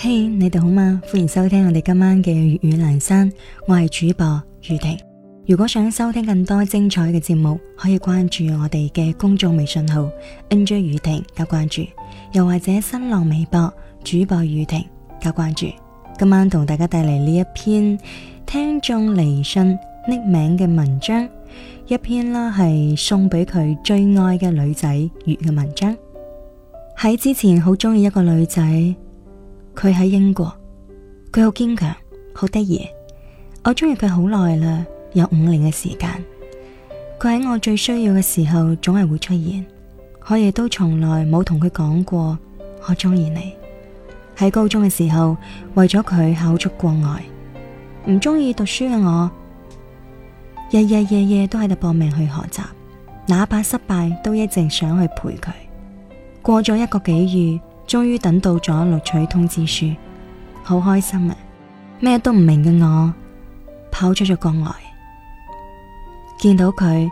嘿，hey, 你哋好嗎？歡迎收聽我哋今晚嘅粵語南山，我係主播雨婷。如果想收聽更多精彩嘅節目，可以關注我哋嘅公眾微信號 NJ 雨婷加關注，又或者新浪微博主播雨婷加關注。今晚同大家帶嚟呢一篇聽眾嚟信匿名嘅文章，一篇啦係送俾佢最愛嘅女仔月嘅文章。喺之前好鍾意一個女仔。佢喺英國，佢好堅強，好得意。我中意佢好耐啦，有五年嘅時間。佢喺我最需要嘅時候總係會出現，我亦都從來冇同佢講過我中意你。喺高中嘅時候，為咗佢考出國外，唔中意讀書嘅我，日日夜夜都喺度搏命去學習，哪怕失敗都一直想去陪佢。過咗一個幾月。終於等到咗錄取通知書，好開心啊！咩都唔明嘅我跑出咗國外，見到佢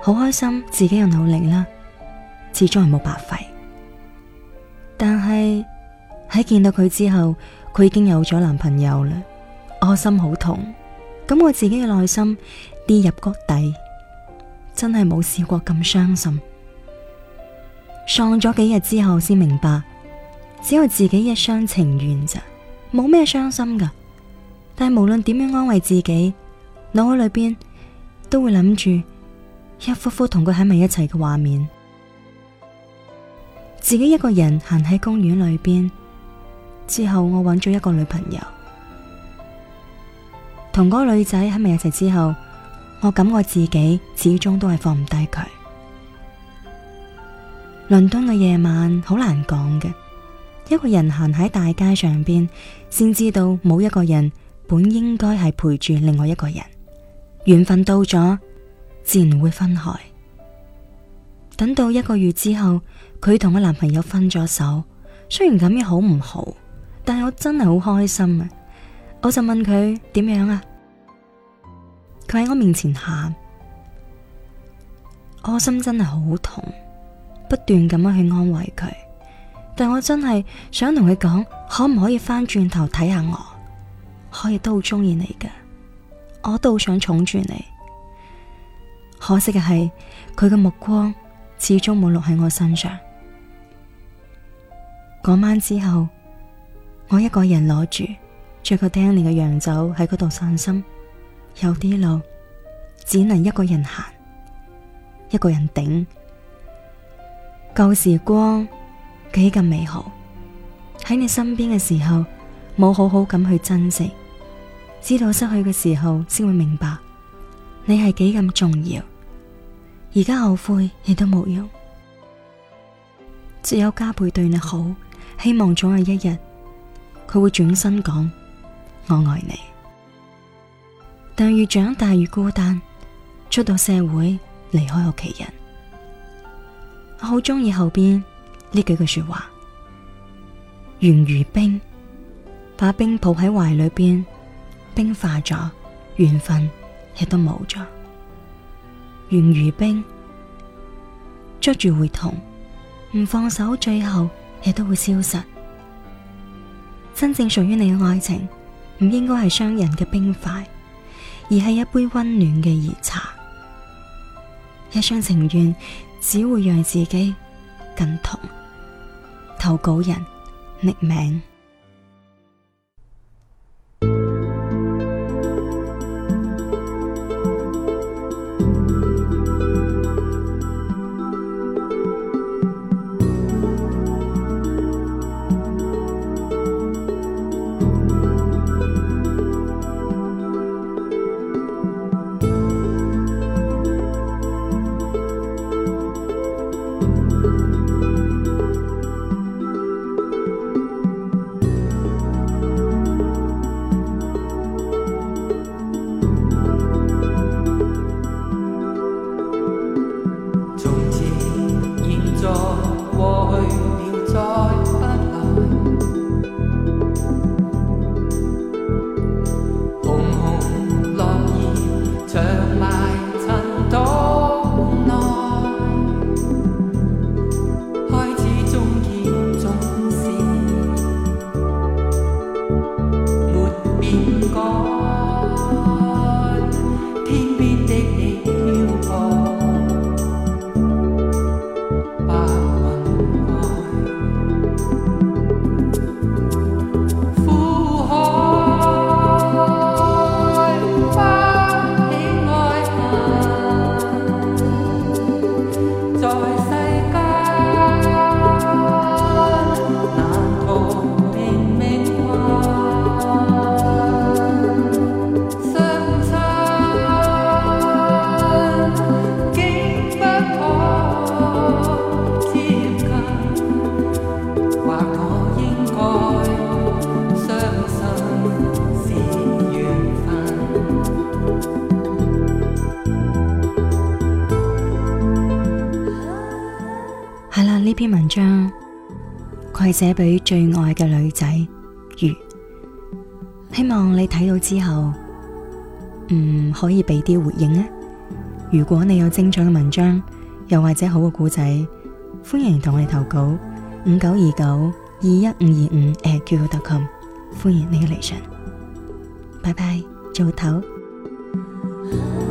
好開心，自己嘅努力啦，始終係冇白費。但係喺見到佢之後，佢已經有咗男朋友啦，我心好痛。咁我自己嘅內心跌入谷底，真係冇試過咁傷心。喪咗幾日之後，先明白。只有自己一廂情願咋，冇咩傷心噶。但係無論點樣安慰自己，腦海裏邊都會諗住一幅幅同佢喺埋一齊嘅畫面。自己一個人行喺公園裏邊之後，我揾咗一個女朋友，同嗰個女仔喺埋一齊之後，我感覺自己始終都係放唔低佢。倫敦嘅夜晚好難講嘅。一個人行喺大街上邊，先知道冇一個人本應該係陪住另外一個人。緣分到咗，自然會分開。等到一個月之後，佢同我男朋友分咗手。雖然咁樣好唔好，但係我真係好開心啊！我就問佢點樣啊？佢喺我面前喊，我心真係好痛，不斷咁樣去安慰佢。但我真係想同佢講，可唔可以翻轉頭睇下我？我亦都好中意你㗎，我都好想寵住你。可惜嘅係，佢嘅目光始終冇落喺我身上。嗰晚之後，我一個人攞住着，着個丹尼嘅洋酒喺嗰度散心。有啲路只能一個人行，一個人頂。舊時光，幾咁美好，喺你身邊嘅時候，冇好好咁去珍惜，知道失去嘅時候先會明白你係幾咁重要。而家後悔亦都冇用，只有加倍對你好。希望總有一日佢會轉身講我愛你。但越長大越孤單，出到社會離開屋企人，我好中意後邊。呢幾句說話，緣如冰，把冰抱喺懷裏邊，冰化咗，緣分亦都冇咗。緣如冰，捉住會痛，唔放手，最後亦都會消失。真正屬於你嘅愛情，唔應該係傷人嘅冰塊，而係一杯溫暖嘅熱茶。一廂情願，只會讓自己更痛。投稿人匿名。篇文章，佢係寫俾最愛嘅女仔如，希望你睇到之後，唔、嗯、可以俾啲回應啊！如果你有精彩嘅文章，又或者好嘅故仔，歡迎同我哋投稿五九二九二一五二五誒，Q Q c o m 歡迎你嘅嚟信，拜拜，早唞。